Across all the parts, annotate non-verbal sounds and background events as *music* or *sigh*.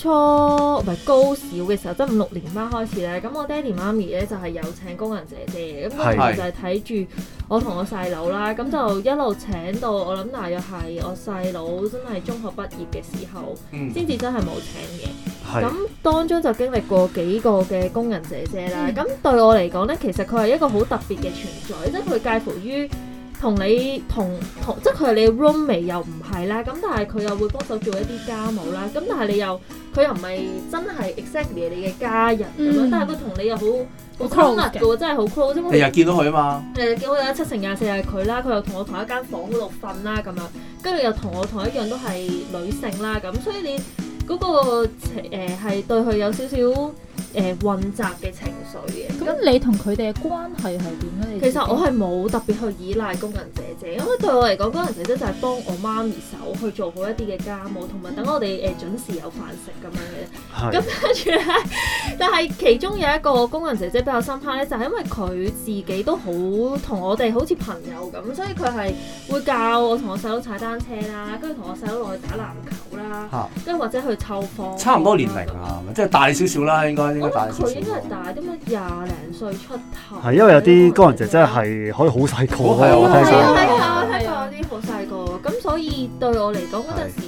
初唔係高小嘅時候，即係五六年班開始咧，咁我爹哋媽咪咧就係、係、有請工人姐姐，咁嗰陣就係睇住我同我細佬啦，咁就一路請到我諗，大約係我細佬真係中學畢業嘅時候，先至、嗯、真係冇請嘅。咁、嗯、當中就經歷過幾個嘅工人姐姐啦，咁、嗯、對我嚟講咧，其實佢係一個好特別嘅存在，即係佢介乎於。.同你同同即係佢係你 roommate 又唔係啦，咁但係佢又會幫手做一啲家務啦，咁但係你又佢又唔係真係 exactly 你嘅家人咁樣，嗯、但係佢同你又好好 close 嘅，cl cl 真係好 close，因為你日見到佢啊嘛，誒見到有七成廿四日，佢啦，佢又同我同一間房度瞓啦咁樣，跟住又同我同一樣都係女性啦，咁所以你。嗰、那個情誒、呃、係對佢有少少誒、呃、混雜嘅情緒嘅。咁你同佢哋嘅關係係點樣？其實我係冇特別去依賴工人姐姐，因為對我嚟講，工人姐姐就係幫我媽咪手去做好一啲嘅家務，同埋等我哋誒、呃、準時有飯食咁樣嘅。咁跟住咧，但係其中有一個工人姐姐比較深刻咧，就係、是、因為佢自己都好同我哋好似朋友咁，所以佢係會教我同我細佬踩單車啦，跟住同我細佬落去打籃球啦，跟住或者去。湊房差唔多年齡啊，即係大少少啦，應該應該大。佢應該係大啲咩？廿零歲出頭。係因為有啲工人姐姐係可以好細，好細好細。係啊，我聽講，係啊，係啊，有啲好細個，咁所以對我嚟講嗰陣時。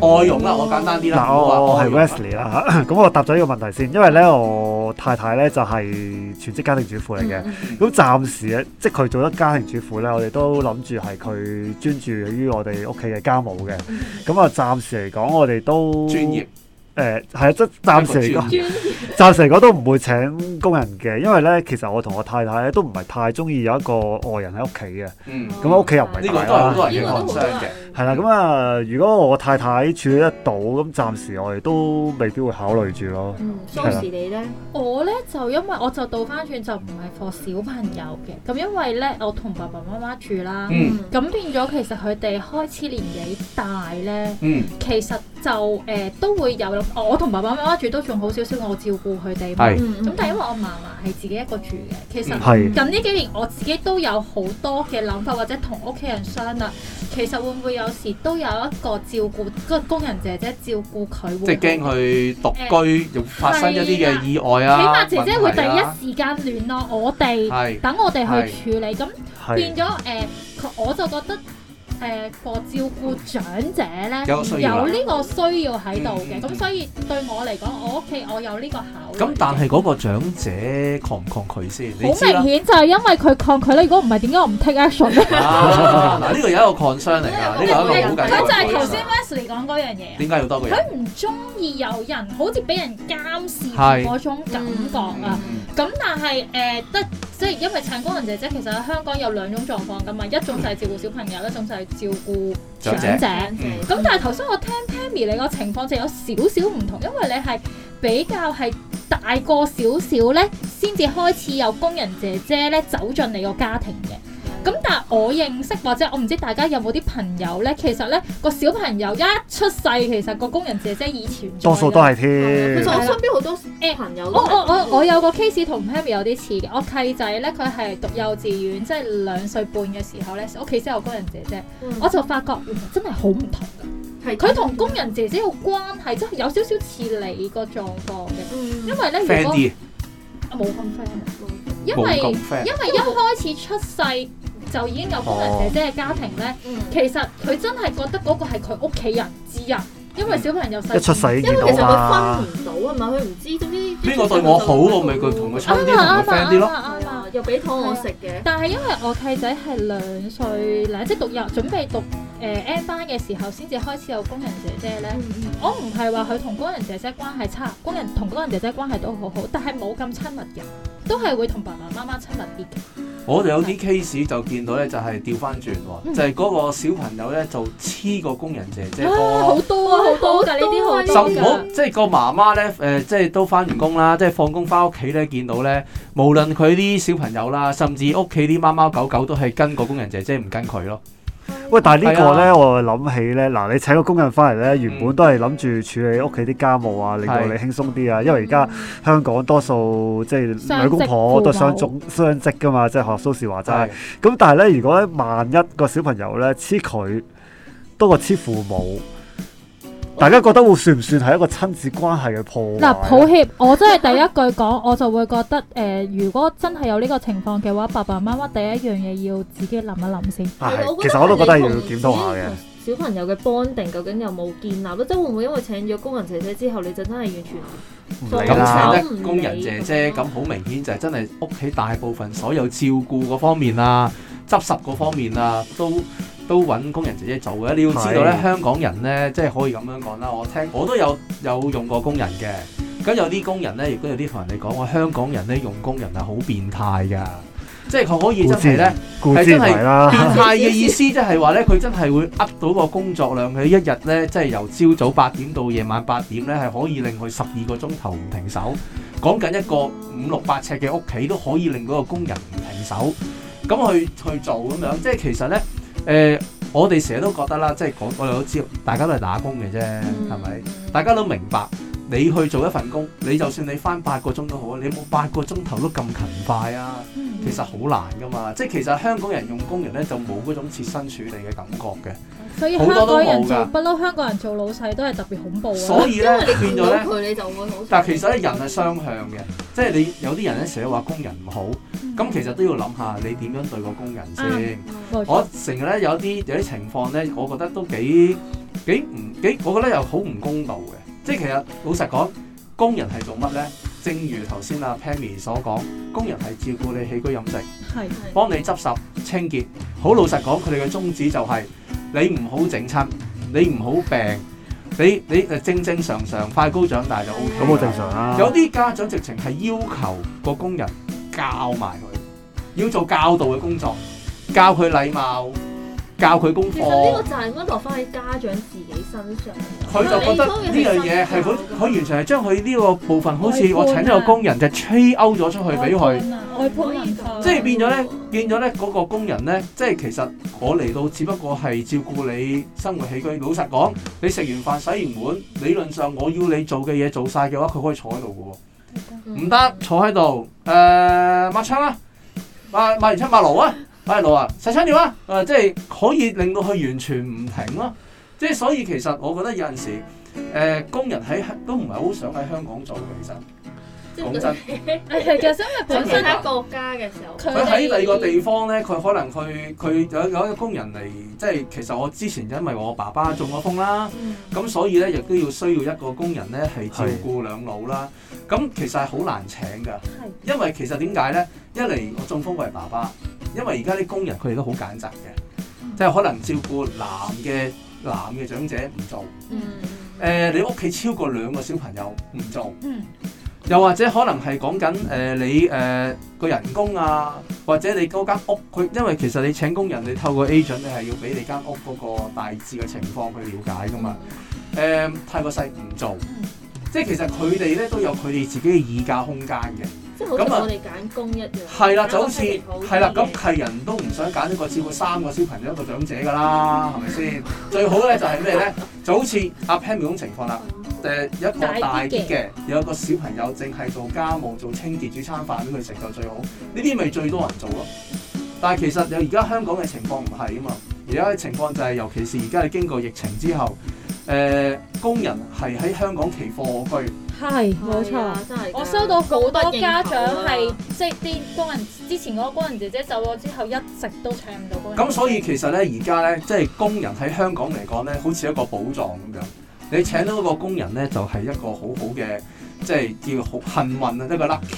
外傭啦，我簡單啲啦。嗱，我我係 Wesley 啦嚇，咁我答咗呢個問題先，因為咧我太太咧就係全職家庭主婦嚟嘅，咁暫時咧，即係佢做得家庭主婦咧，我哋都諗住係佢專注於我哋屋企嘅家務嘅。咁啊，暫時嚟講，我哋都專業。誒，係啊，即係暫時嚟講，暫時嚟講都唔會請工人嘅，因為咧，其實我同我太太咧都唔係太中意有一個外人喺屋企嘅。嗯，咁屋企又唔係呢個都多人嘅。係啦，咁啊，如果我太太處理得到，咁暫時我哋都未必會考慮住咯。嗯，Sosze，你呢？我呢，就因為我就倒翻轉就唔係放小朋友嘅，咁因為呢，我同爸爸媽媽住啦，咁、嗯、變咗其實佢哋開始年紀大呢，嗯、其實就誒、呃、都會有。我同爸爸媽媽住都仲好少少，我照顧佢哋。係。咁但係因為我嫲嫲係自己一個住嘅，其實近呢幾年我自己都有好多嘅諗法或者同屋企人商量，其實會唔會有？有時都有一個照顧嗰個工人姐姐照顧佢，即驚佢獨居，呃、發生一啲嘅意外啊！起碼姐姐會第一時間聯絡我哋，的等我哋去處理。咁的變咗誒、呃，我就覺得。誒個照顧長者咧，有呢個需要喺度嘅，咁所以對我嚟講，我屋企我有呢個考慮。咁但係嗰個長者抗唔抗拒先？好明顯就係因為佢抗拒咧，如果唔係點解我唔 take action 嗱，呢個有一個 concern 嚟㗎，呢個係一個好緊要嘅。佢就係頭先 Wesley 講嗰樣嘢。點解要多個人？佢唔中意有人好似俾人監視嗰種感覺啊！咁但係誒得，即係因為請工人姐姐其實喺香港有兩種狀況㗎嘛，一種就係照顧小朋友，一種就係。照顧長者，咁、嗯、但係頭先我聽 Tammy 你個情況就有少少唔同，因為你係比較係大個少少呢先至開始有工人姐姐呢，走進你個家庭嘅。咁但係我認識或者我唔知大家有冇啲朋友咧，其實咧、個小朋友一出世，其實個工人姐姐以前多數都係添。嗯、其實我身邊好多朋友的我。我我我有個 case 同 Pam 有啲似嘅，我契仔咧佢係讀幼稚園，即係兩歲半嘅時候咧，屋企先有工人姐姐，嗯、我就發覺原來、嗯、真係好唔同嘅。佢同工人姐姐個關係真係有少少似你個狀況嘅、嗯，因為咧如果冇咁 friend，因為因為一開始出世。就已經有工人姐姐嘅家庭咧，其實佢真係覺得嗰個係佢屋企人之一，因為小朋友細，因為其實佢分唔到啊嘛，佢唔知，總之邊個對我好，我咪佢同佢親啲同佢 friend 啲咯啱啱又俾肚我食嘅。但係因為我契仔係兩歲，啊啊啊即係讀幼，準備讀。誒 N、呃、班嘅時候先至開始有工人姐姐咧，mm hmm. 我唔係話佢同工人姐姐關係差，工人同工人姐姐關係都好好，但係冇咁親密嘅，都係會同爸爸媽媽親密啲嘅。我哋有啲 case 就見到咧，就係調翻轉喎，就係、是、嗰個小朋友咧就黐個工人姐姐個好多啊，好多㗎呢啲好，多好多是是就唔好即係個媽媽咧誒，即、呃、係、就是、都翻完工啦，即係放工翻屋企咧，見到咧，無論佢啲小朋友啦，甚至屋企啲貓貓狗狗都係跟個工人姐姐唔跟佢咯。喂，但係呢個咧，啊、我諗起咧，嗱，你請個工人翻嚟咧，原本都係諗住處理屋企啲家務啊，令到、嗯、你輕鬆啲啊。啊，因為而家香港多數即係兩公婆都想種相職噶嘛，即係學蘇士話齋。咁、啊、但係咧，如果咧萬一個小朋友咧黐佢多過黐父母。大家覺得會算唔算係一個親子關係嘅破？嗱、呃，抱歉，我真係第一句講我就會覺得，誒、呃，如果真係有呢個情況嘅話，爸爸媽媽第一樣嘢要自己諗一諗先。嗯、其實我都覺得要檢討下嘅。小朋友嘅 bonding 究竟有冇建立？即係會唔會因為請咗工人姐姐之後，你就真係完全唔理啦？請工人姐姐咁好明顯就係真係屋企大部分所有照顧嗰方面啊、執拾嗰方面啊都，都搵工人姐姐做嘅。你要知道呢，的香港人呢，即係可以咁樣講啦。我聽我都有有用過工人嘅，咁有啲工人呢，亦都有啲同人哋講話，香港人呢，用工人係好變態噶，即係佢可以真係呢，係事真係變態嘅意思，即係話呢，佢真係會呃到個工作量，佢一日呢，即係由朝早八點到夜晚八點呢，係可以令佢十二個鐘頭唔停手，講緊一個五六八尺嘅屋企都可以令嗰個工人唔停手，咁去去做咁樣，即係其實呢。誒、呃，我哋成日都覺得啦，即係講我哋都知道，大家都係打工嘅啫，係咪、嗯？大家都明白，你去做一份工，你就算你返八個鐘都好，你冇八個鐘頭都咁勤快啊，其實好難㗎嘛。即係其實香港人用工人咧，就冇嗰種設身處地嘅感覺嘅。所以香港人做不嬲，香港人做老細都係特別恐怖。所以咧變咗咧，但係其實咧人係雙向嘅，即係你有啲人咧成日話工人唔好，咁其實都要諗下你點樣對個工人先。我成日咧有啲有啲情況咧，我覺得都幾幾唔幾，我覺得又好唔公道嘅。即係其實老實講，工人係做乜咧？正如頭先阿 Pammy 所講，工人係照顧你起居飲食，幫你執拾清潔。好老實講，佢哋嘅宗旨就係。你唔好整親，你唔好病，你你誒正正常常快高長大就 O K 啦。咁好正常呀。有啲家長直情係要求個工人教埋佢，要做教導嘅工作，教佢禮貌。教佢功課，其實呢個就係點樣落翻喺家長自己身上。佢就覺得呢樣嘢係佢，佢完全係將佢呢個部分，好似我請咗個工人，就吹歐咗出去俾佢。外僱人士，即係變咗咧，變咗咧嗰個工人咧，即係其實我嚟到，只不過係照顧你生活起居。老實講，你食完飯、洗完碗，理論上我要你做嘅嘢做曬嘅話，佢可以坐喺度嘅喎。唔得，坐喺度，誒抹窗啊，抹抹完窗抹爐啊。阿、哎、老啊，殺親鳥啊！呃、即係可以令到佢完全唔停咯、啊，即係所以其實我覺得有陣時、呃、工人喺都唔係好想喺香港做其實。講真，係 *laughs* 其實因為其他國家嘅時候，佢喺第二個地方咧，佢可能佢佢有有一個工人嚟，即係其實我之前因為我爸爸中咗風啦，咁、嗯、所以咧亦都要需要一個工人咧係照顧兩老啦。咁是其實係好難請㗎，是因為其實點解咧？一嚟我中風嗰日爸爸，因為而家啲工人佢哋都好揀擇嘅，即係、嗯、可能照顧男嘅男嘅長者唔做，誒、嗯呃、你屋企超過兩個小朋友唔做。嗯又或者可能係講緊誒你誒個、呃、人工啊，或者你嗰間屋佢，因為其實你請工人，你透過 agent 你係要俾你間屋嗰個大致嘅情況去了解噶嘛。誒、嗯、太過細唔做，即係其實佢哋咧都有佢哋自己嘅議價空間嘅。嗯、那即係好似我哋揀工一樣。係、啊、啦，就好似係啦，咁係人都唔想揀一個超過三個小朋友一個長者噶啦，係咪先？ *laughs* 最好咧就係咩咧？ *laughs* 就好似阿 Pam 嗰情況啦。就一個大啲嘅，有一個小朋友淨係做家務、做清潔、煮餐飯俾佢食就最好。呢啲咪最多人做咯。但係其實有而家香港嘅情況唔係啊嘛。而家嘅情況就係、是，尤其是而家係經過疫情之後，誒、呃、工人係喺香港奇貨可居。係，冇錯。哎、真係，我收到好多家長係即係啲工人，之前嗰個工人姐姐走咗之後，一直都請唔到工人。咁所以其實咧，而家咧即係工人喺香港嚟講咧，好似一個寶藏咁樣。你請到一個工人咧，就係、是、一個好好嘅，即係叫好幸運啊，一個 lucky。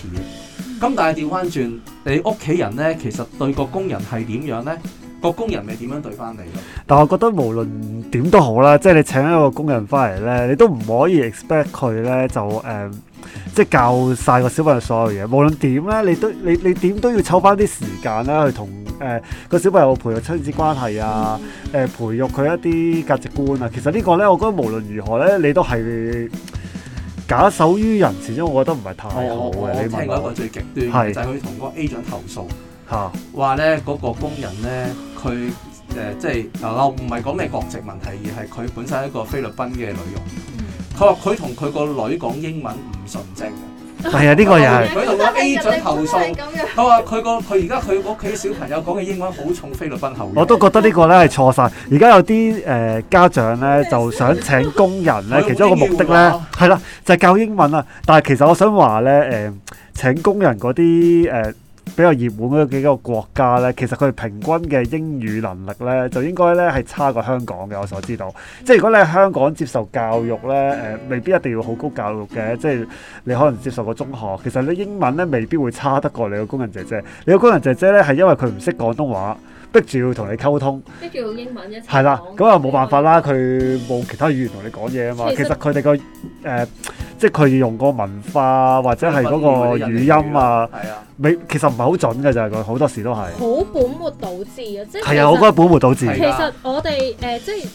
咁但係調翻轉，你屋企人咧，其實對個工人係點樣咧？那個工人係點樣對翻你嘅？但我覺得無論點都好啦，即、就、係、是、你請一個工人翻嚟咧，你都唔可以 expect 佢咧就誒。Um 即係教晒個小朋友所有嘢。無論點咧，你都你你點都要抽翻啲時間咧去同誒個小朋友、啊呃、培育親子關係啊，誒培育佢一啲價值觀啊。其實個呢個咧，我覺得無論如何咧，你都係假手於人，始終我覺得唔係太好嘅。你我、哎、我聽過一個最極端是就係佢同嗰個 agent 投訴，話咧嗰個工人咧，佢誒、呃、即係嗱，唔係講咩國籍問題，而係佢本身係一個菲律賓嘅女傭。佢話佢同佢個女講英文唔純正，係啊，呢個又係佢同個 A 準投訴。佢話佢個佢而家佢屋企小朋友講嘅英文好重菲律賓口音。我都覺得呢個咧係錯晒。而家有啲誒、呃、家長咧就想請工人咧， *laughs* 其中一個目的咧係、啊、啦就係、教英文啊。但係其實我想話咧誒請工人嗰啲誒。呃比較熱門嘅幾個國家呢，其實佢平均嘅英語能力呢，就應該呢係差過香港嘅。我所知道，即係如果你喺香港接受教育呢，誒、呃，未必一定要好高教育嘅，嗯、即係你可能接受個中學，其實你英文呢未必會差得過你個工人姐姐。你個工人姐姐呢，係因為佢唔識廣東話，逼住要同你溝通，逼住用英文一齊講。係啦，咁啊冇辦法啦，佢冇為其他語言同你講嘢啊嘛。其實佢哋個即係佢要用個文化或者係嗰個語音啊。其實唔係好準嘅就係佢，好多時都係。好本末倒置啊！即係係啊，是實我覺得本末倒置。其實我哋誒、呃、即係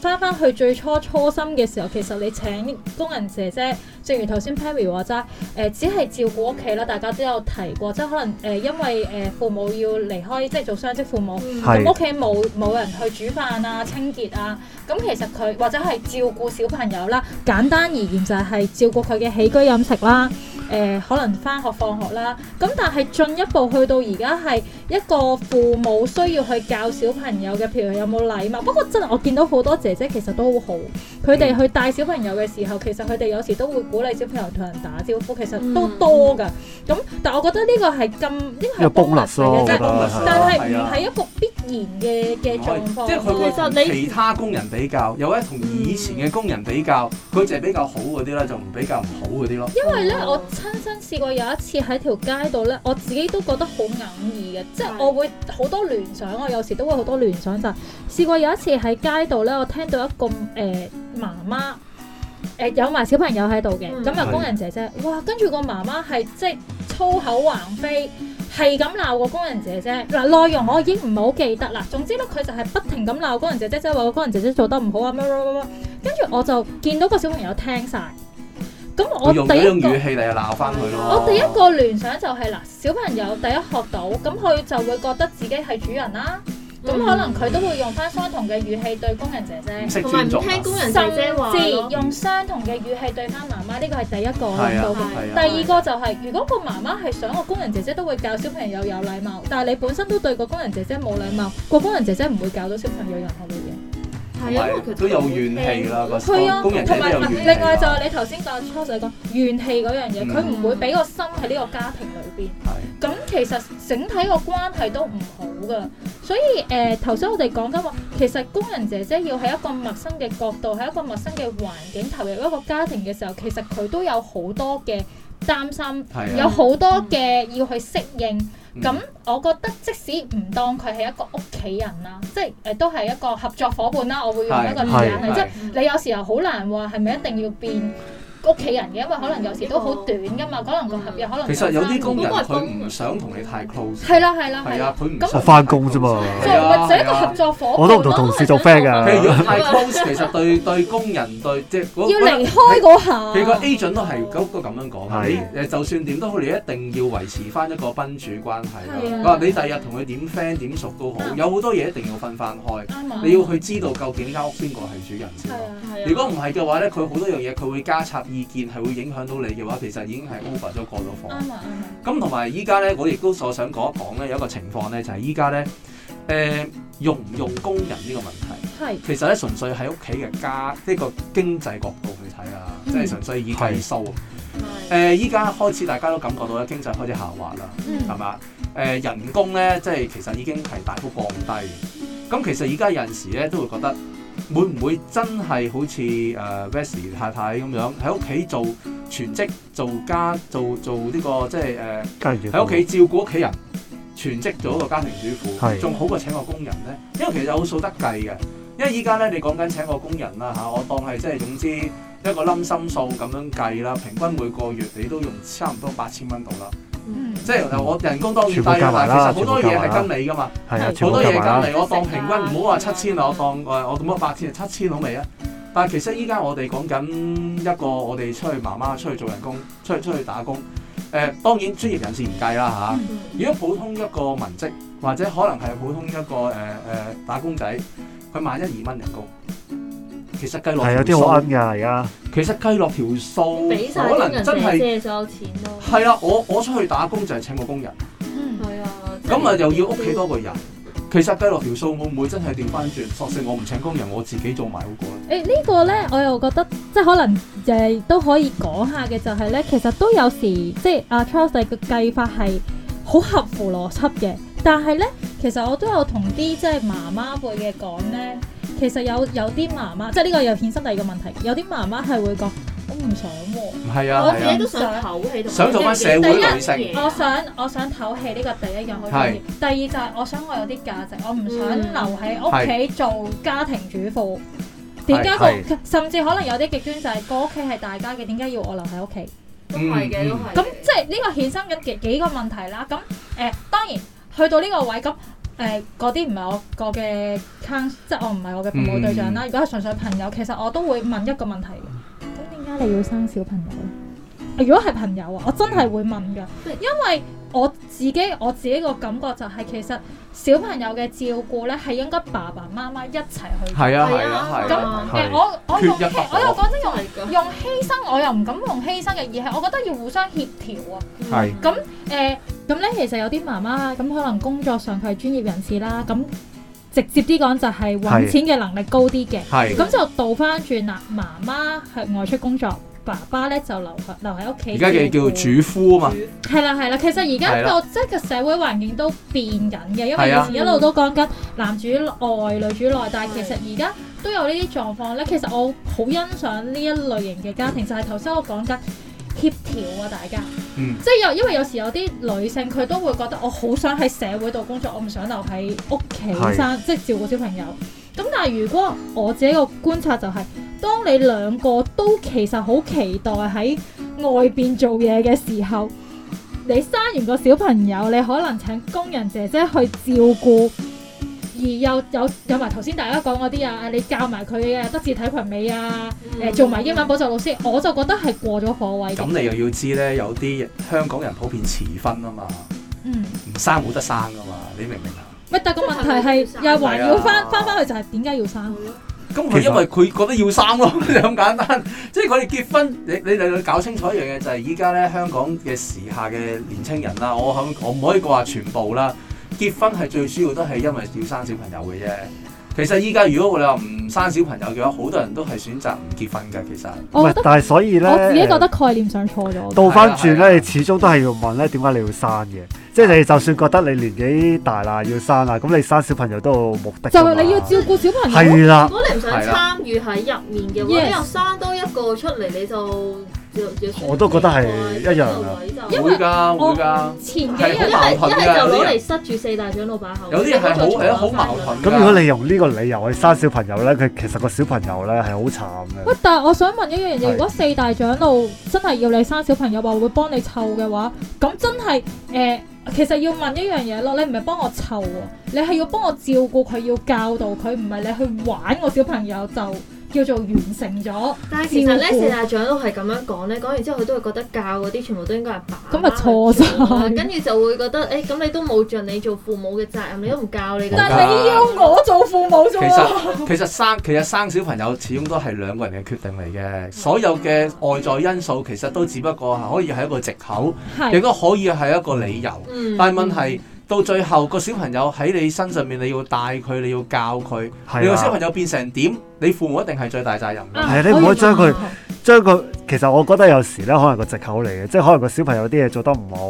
返返去最初初心嘅時候，其實你請工人姐姐，正如頭先 Perry 話齋誒、呃，只係照顧屋企啦。大家都有提過，即係可能誒、呃、因為誒、呃、父母要離開，即係做雙職父母，咁屋企冇冇人去煮飯啊、清潔啊，咁其實佢或者係照顧小朋友啦，簡單而言就係照顧佢嘅起居飲食啦。誒，可能翻學放學啦，咁但係進一步去到而家係一個父母需要去教小朋友嘅，譬如有冇禮貌，不過真係我見到好多姐姐其實都好，佢哋去帶小朋友嘅時候，其實佢哋有時都會鼓勵小朋友同人打招呼，其實都多噶。咁但係我覺得呢個係咁，應該係功能嚟嘅啫，但係唔係一個必然嘅嘅狀況。即係其實你其他工人比較，又或者同以前嘅工人比較，佢就係比較好嗰啲啦，就比較唔好嗰啲咯。因為咧，我。親身試過有一次喺條街度呢，我自己都覺得好哽耳嘅，即係我會好多聯想，我有時都會好多聯想，就試過有一次喺街度呢，我聽到一個誒媽媽有埋小朋友喺度嘅，咁啊、嗯、工人姐姐，是哇！跟住個媽媽係即粗口橫飛，係咁鬧個工人姐姐。嗱內容我已經唔好記得啦，總之呢佢就係不停咁鬧工人姐姐，即係話個工人姐姐做得唔好啊乜乜，跟住我就見到個小朋友聽晒。咁我用呢種語氣嚟鬧翻佢咯。我第一個聯想就係嗱，小朋友第一學到，咁佢就會覺得自己係主人啦。咁可能佢都會用翻相同嘅語氣對工人姐姐，同埋唔聽工人姐姐話咯。甚至用相同嘅語氣對翻媽媽，呢個係第一個，係啊，係啊。第二個就係，如果個媽媽係想個工人姐姐都會教小朋友有禮貌，但係你本身都對個工人姐姐冇禮貌，個工人姐姐唔會教到小朋友任何嘅嘢。係啊，因為其實都有怨氣啦，個工工人姐姐有怨氣啦。同埋另外就係你頭先講初就係講怨氣嗰樣嘢，佢唔會俾個心喺呢個家庭裏邊。係。咁其實整體個關係都唔好噶，所以誒頭先我哋講緊話，其實工人姐姐要喺一個陌生嘅角度，喺一個陌生嘅環境投入一個家庭嘅時候，其實佢都有好多嘅擔心，有好多嘅要去適應。咁，嗯、我覺得即使唔當佢係一個屋企人啦，即係誒都係一個合作伙伴啦，我會用一個字眼嚟，即係是你有時候好難話係咪一定要變。屋企人嘅，因為可能有時都好短噶嘛，可能個合約可能其實有啲工人，佢唔想同你太 close。係啦，係啦。係啊，佢唔想翻工啫嘛。就係一個合作伙，我都做同事做 friend 噶。太 close 其實對對工人對即係要離開嗰下。佢個 agent 都係都咁樣講。就算點都好，你一定要維持翻一個賓主關係。係話你第日同佢點 friend 點熟都好，有好多嘢一定要分翻開。你要去知道究竟呢間屋邊個係主人。如果唔係嘅話咧，佢好多樣嘢佢會加插，意見係會影響到你嘅話，其實已經係 over 咗過咗火。咁同埋依家咧，我亦都所想講一講咧，有一個情況咧，就係依家咧，誒用唔用工人呢個問題。係是。其實咧，純粹喺屋企嘅家呢、呢個經濟角度去睇啊，即係、嗯、純粹以計數。係是。依家、呃、開始大家都感覺到咧經濟開始下滑啦，係嘛、嗯？誒、呃、人工咧，即係其實已經係大幅降低。咁其實而家有陣時咧，都會覺得。會唔會真係好似誒 Wesley 太太咁樣喺屋企做全職做家做做呢、這個即係誒喺屋企照顧屋企人，嗯、全職做一個家庭主婦，仲的好過請個工人咧？因為其實有數得計嘅，因為依家咧你講緊請個工人啦嚇、啊，我當係即係總之一個冧心數咁樣計啦，平均每個月你都用差唔多八千蚊到啦。即係我人工當然低，但係其實好多嘢係跟你㗎嘛，好多嘢跟你，我當平均唔好話七千啊，000，啊我，我當誒我咁樣八千啊，七千好未啊？但係其實依家我哋講緊一個我哋出去媽媽出去做人工，出去出去打工，誒、呃、當然專業人士唔計啦吓、啊，如果普通一個文職或者可能係普通一個誒誒、呃呃、打工仔，佢萬一二蚊人工。其實雞落條數，有啲好奀㗎而家。其實雞落條數，可能真係借咗錢咯。係啊，我我出去打工就係請個工人。嗯，係啊。咁啊又要屋企多個人。嗯、其實雞落條數我唔會真係調翻轉，索性我唔請工人，我自己做埋好過。誒、欸這個、呢個咧，我又覺得即係可能誒、呃、都可以講下嘅，就係咧，其實都有時即係阿 Charles 嘅計法係好合乎邏輯嘅，但係咧，其實我都有同啲即係媽媽輩嘅講咧。嗯其實有有啲媽媽，即係呢個又衍生第二個問題，有啲媽媽係會講：我唔想喎，我自己都想唞氣，想做翻社會嘅女性。我想我想唞氣呢個第一樣好重要。第二就係我想我有啲價值，我唔想留喺屋企做家庭主婦。點解個甚至可能有啲極端就係個屋企係大家嘅，點解要我留喺屋企？都係嘅，都係。咁即係呢個衍生緊幾幾個問題啦。咁誒當然去到呢個位咁。誒嗰啲唔係我個嘅，即係我唔係我嘅父母對象啦。如果係純粹朋友，其實我都會問一個問題。咁點解你要生小朋友？如果係朋友啊，我真係會問嘅，因為我自己我自己個感覺就係其實小朋友嘅照顧咧係應該爸爸媽媽一齊去。係啊係啊，咁我我用我又講真用用犧牲，我又唔敢用犧牲嘅，而係我覺得要互相協調啊。咁誒。咁咧、嗯，其實有啲媽媽咁、嗯，可能工作上佢係專業人士啦。咁、嗯、直接啲講，就係揾錢嘅能力高啲嘅。咁係。就倒翻轉啦，媽媽去外出工作，爸爸咧就留留喺屋企。而家叫叫主夫啊嘛。係啦係啦，其實而家個即係個社會環境都變緊嘅，因為以前一路都講緊男主外女主內，但係其實而家都有呢啲狀況咧。其實我好欣賞呢一類型嘅家庭，就係頭先我講緊。協調啊，大家，嗯、即係有，因為有時有啲女性佢都會覺得我好想喺社會度工作，我唔想留喺屋企生，即係照顧小朋友。咁但係如果我自己個觀察就係、係，當你兩個都其實好期待喺外邊做嘢嘅時候，你生完個小朋友，你可能請工人姐姐去照顧。而又有有埋頭先大家講嗰啲啊，你教埋佢嘅德智體群美啊，誒、嗯呃、做埋英文補習老師，我就覺得係過咗火位。咁你又要知咧？有啲香港人普遍遲婚啊嘛，唔、嗯、生冇得生啊嘛，你明唔明、嗯、啊？喂，但係個問題係又還要翻翻翻去就係點解要生咯？咁佢、啊、因為佢覺得要生咯，咁 *laughs* 簡單。即 *laughs* 係我哋結婚，你你你搞清楚一樣嘢就係依家咧，香港嘅時下嘅年青人啦，我諗我唔可以講話全部啦。 *laughs* 結婚係最主要都係因為要生小朋友嘅啫。其實依家如果你話唔生小朋友嘅話，好多人都係選擇唔結婚嘅。其實唔係，但係所以咧，我自己覺得概念上錯咗。倒翻轉咧，你始終都係要問咧，點解你要生嘅？即係你就算覺得你年紀大啦，要生啦，咁你生小朋友都有目的㗎嘛。就係你要照顧小朋友。係啦。如果你唔想參與喺入面嘅話，你又生多一個出嚟你就。我都覺得係一樣為啊，會㗎會㗎。我前幾日一係就攞嚟塞住四大長老把口，有啲嘢係好好矛盾。咁如果你用呢個理由去生小朋友咧，佢其實個小朋友咧係好慘嘅。喂，但係我想問一樣嘢，是如果四大長老真係要你生小朋友話會幫你湊嘅話，咁真係誒、呃，其實要問一樣嘢咯，你唔係幫我湊喎，你係要幫我照顧佢，要教導佢，唔係你去玩個小朋友就。叫做完成咗，但係其實咧，顧四大長都係咁樣講咧，講完之後佢都會覺得教嗰啲全部都應該係爸，咁咪錯咗，跟住 *laughs* 就會覺得，誒、欸，咁你都冇盡你做父母嘅責任，你都唔教你，但係你要我做父母做。其」其實生其實生小朋友始終都係兩個人嘅決定嚟嘅，所有嘅外在因素其實都只不過係可以係一個藉口，是亦都可以係一個理由，嗯、但係問題。到最後、個小朋友喺你身上面，你要帶佢，你要教佢，是的 你個小朋友變成點，你父母一定係最大責任、啊。係你唔可以將佢將佢，其實我覺得有時咧，可能個借口嚟嘅，即、就、係、是、可能個小朋友啲嘢做得唔好，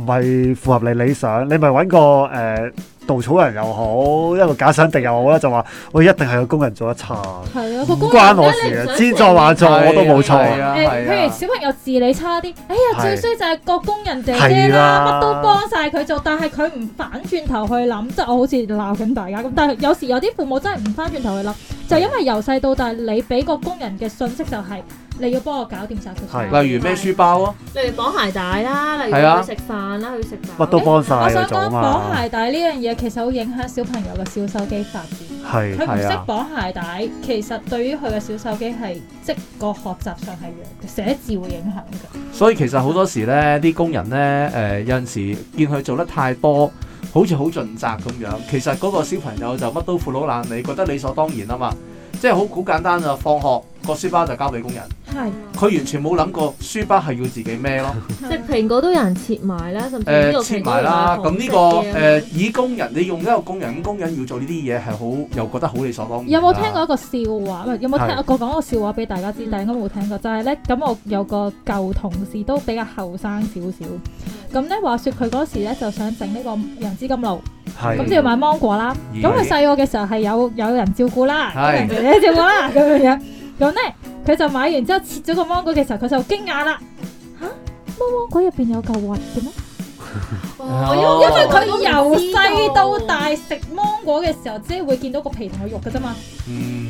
唔係符合你理想，你咪揾個誒。呃稻草人又好，一個假想敵又好啦，就話我、欸、一定係個工人做得差，係啊，唔關我事嘅，知錯還錯我都冇錯啊。啊欸、啊譬如小朋友自理差啲，啊、哎呀，啊、最衰就係個工人姐姐啦，乜、啊、都幫晒佢做，但係佢唔反轉頭去諗，即係我好似鬧緊大家咁。但係有時有啲父母真係唔翻轉頭去諗，啊、就因為由細到大你俾個工人嘅信息就係、是。你要幫我搞掂曬佢。係。例如孭書包咯，例如綁鞋帶啦，例如去食飯啦，去食。乜都幫曬。我想講綁鞋帶呢樣嘢，其實好影響小朋友嘅小手肌發展。係。係啊。佢唔識綁鞋帶，其實對於佢嘅小手肌係即個學習上係弱嘅，寫字會影響嘅。所以其實好多時咧，啲工人咧，誒有陣時見佢做得太多，好似好盡責咁樣。其實嗰個小朋友就乜都負老難，你覺得理所當然啊嘛，即係好好簡單呀，放學個書包就交俾工人，係佢完全冇諗過書包係要自己孭咯，即係蘋果都有人切埋啦，甚至切埋啦。咁呢個誒，以工人你用呢個工人，工人要做呢啲嘢係好又覺得好理所當然。有冇聽過一個笑話？有冇聽我講一個笑話俾大家知？但應該冇聽過，就係咧咁。我有個舊同事都比較後生少少，咁咧話說佢嗰時咧就想整呢個楊枝甘露，咁就要買芒果啦。咁佢細個嘅時候係有有人照顧啦，有人照顧啦，咁樣樣。咁咧。佢就買完之後切咗個芒果嘅時候，佢就驚訝喇，嚇？芒，芒果入面有嚿核嘅咩？因為佢由細到大食芒果嘅時候，即係會見到個皮同肉噶啫嘛，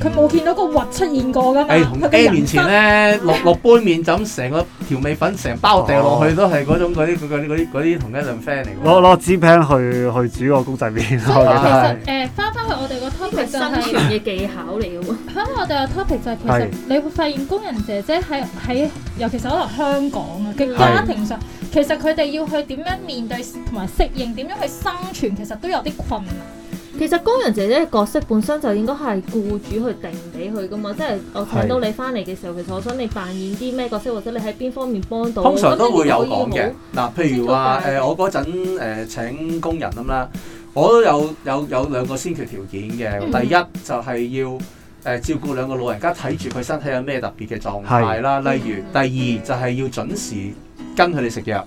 佢冇見到個核出現過噶嘛。誒，同幾年前咧落落杯麵就咁，成個調味粉成包掉落去都係嗰種嗰啲嗰啲嗰啲同一輪 friend 嚟。攞攞支 pen 去去煮個公仔麵。其實誒，翻翻去我哋個 topic 生存嘅技巧嚟噶喎。翻我哋個 topic 就係其實你會發現工人姐姐喺喺，尤其是可能香港啊，嘅家庭上。其實佢哋要去點樣面對同埋適應，點樣去生存，其實都有啲困難。其實工人姐姐嘅角色本身就應該係僱主去定畀佢㗎嘛，即係我請到你返嚟嘅時候，是其實我想你扮演啲咩角色，或者你喺邊方面幫到，通常都會有講嘅。嗱，譬如話誒、呃，我嗰陣誒請工人咁啦，我都有有有兩個先決條,條件嘅，嗯、第一就係要誒、呃、照顧兩個老人家，睇住佢身體有咩特別嘅狀態啦。是例如，嗯、第二就係要準時、嗯。跟佢哋食藥，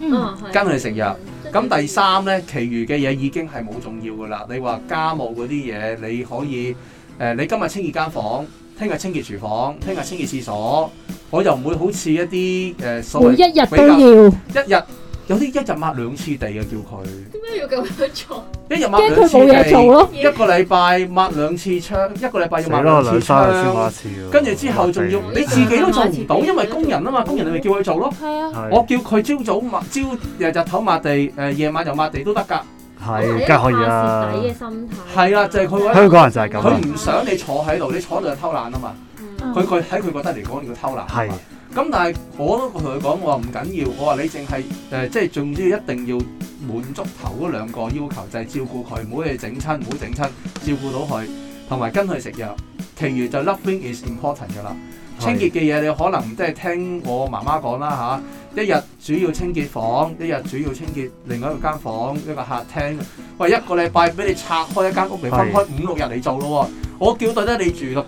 嗯，跟佢哋食藥。咁第三呢，其餘嘅嘢已經係冇重要噶啦。你話家務嗰啲嘢，你可以，誒，你今日清潔間房，聽日清潔廚房，聽日清潔廁所，我又唔會好似一啲，誒，所謂每日都要一日。有啲一日抹兩次地啊，叫佢。點解要咁樣做？一日抹兩次地。驚佢冇嘢做咯。一個禮拜抹兩次窗，一個禮拜要抹兩次窗。跟住之後仲要你自己都做唔到，因為工人啊嘛，工人你咪叫佢做咯。係啊。我叫佢朝早抹，朝誒日頭抹地，誒夜晚就抹地都得㗎。係，梗係可以啦。使嘅心態。係啦，就係佢。香港人就係咁。佢唔想你坐喺度，你坐喺度就偷懶啊嘛。佢佢喺佢覺得嚟講，你要偷懶。係。咁但係我都同佢講，我話唔緊要，我話你淨係誒，即係總之，一定要滿足頭嗰兩個要求，就係、是、照顧佢，唔好嚟整親，唔好整親，照顧到佢，同埋跟佢食藥。其餘就是、Loving is important 㗎啦。是清潔嘅嘢你可能即係聽我媽媽講啦吓，一日主要清潔房，一日主要清潔另外一間房，一個客廳。喂，一個禮拜俾你拆開一間屋嚟分開五六日嚟做咯喎，是我叫對得你住啦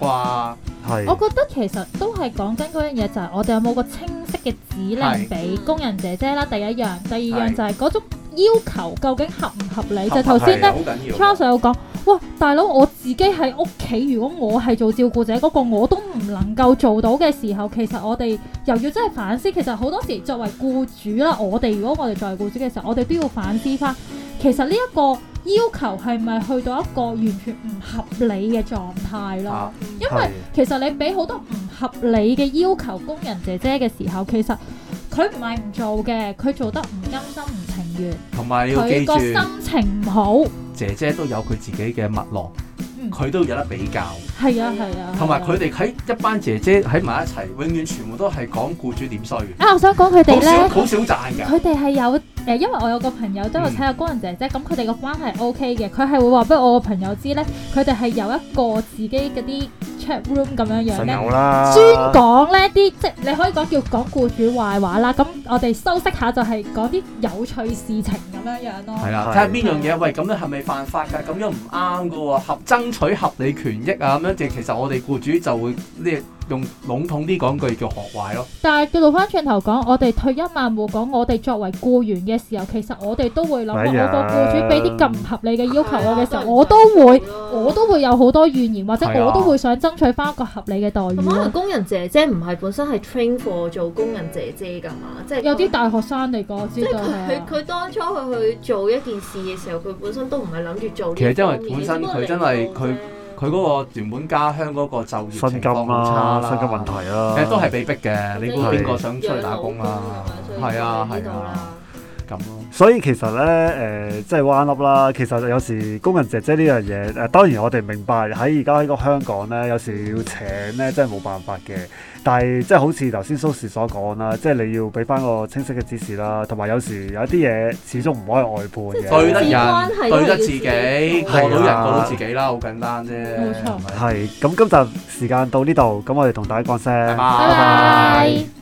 啩？ *music* 我覺得其實都係講緊嗰樣嘢，就係、是、我哋有冇個清晰嘅指令俾 *music* 工人姐姐啦。第一樣，第二樣就係嗰種要求究竟合唔合理？合就頭先咧，Charles 有講 Char，哇，大佬我自己喺屋企，如果我係做照顧者嗰、那個，我都唔能夠做到嘅時候，其實我哋又要真係反思。其實好多時作為僱主啦，我哋如果我哋作為僱主嘅時候，我哋都要反思返，其實呢、這、一個。要求係咪去到一個完全唔合理嘅狀態咯？啊、因為其實你俾好多唔合理嘅要求工人姐姐嘅時候，其實佢唔係唔做嘅，佢做得唔甘心唔情願，同埋佢個心情唔好。姐姐都有佢自己嘅脈絡。佢都有得比較，係啊係啊，同埋佢哋喺一班姐姐喺埋一齊，永遠全部都係講僱主點衰。啊，我想講佢哋咧，好少，少賺㗎。佢哋係有誒，因為我有個朋友都有睇下工人姐姐，咁佢哋個關係 OK 嘅，佢係會話俾我個朋友知咧，佢哋係有一個自己嗰啲。room 咁樣樣咧，啦專講呢啲即係你可以講叫講僱主壞話啦。咁我哋休息下就係講啲有趣事情咁樣樣咯。係啦的，睇下邊樣嘢，的喂，咁樣係咪犯法㗎？咁樣唔啱噶，合爭取合理權益啊，咁樣，即其實我哋僱主就會呢。用籠統啲講句叫學壞咯。但係叫到翻轉頭講，我哋退一萬步講，我哋作為雇員嘅時候，其實我哋都會諗我個雇主俾啲咁唔合理嘅要求我嘅時候，我都會，我都會有好多怨言，或者我都會想爭取翻一個合理嘅待遇。咁可能工人姐姐唔係本身係 train for 做工人姐姐噶嘛？即係有啲大學生嚟講，我知道佢佢當初佢去做一件事嘅時候，佢本身都唔係諗住做。其實因為本身佢真係佢。佢嗰個原本家鄉嗰個就業情況差啦，啊，薪金問題啊，其實都係被逼嘅。的你估邊個想出去打工啊？係啊，係咁、啊啊啊、所以其實咧，誒、呃，即係彎笠啦。其實有時工人姐姐呢樣嘢，誒、呃，當然我哋明白喺而家呢個香港咧，有時要請咧，真係冇辦法嘅。但係，即係好似頭先 Sosze 所講啦，即係你要俾翻個清晰嘅指示啦，同埋有，有時有一啲嘢始終唔可以外判嘅，對得人，對得自己，顧到吧人，顧到自己啦，好簡單啫。係咁吧，吧今集時間到呢度，咁我哋同大家講聲，拜拜。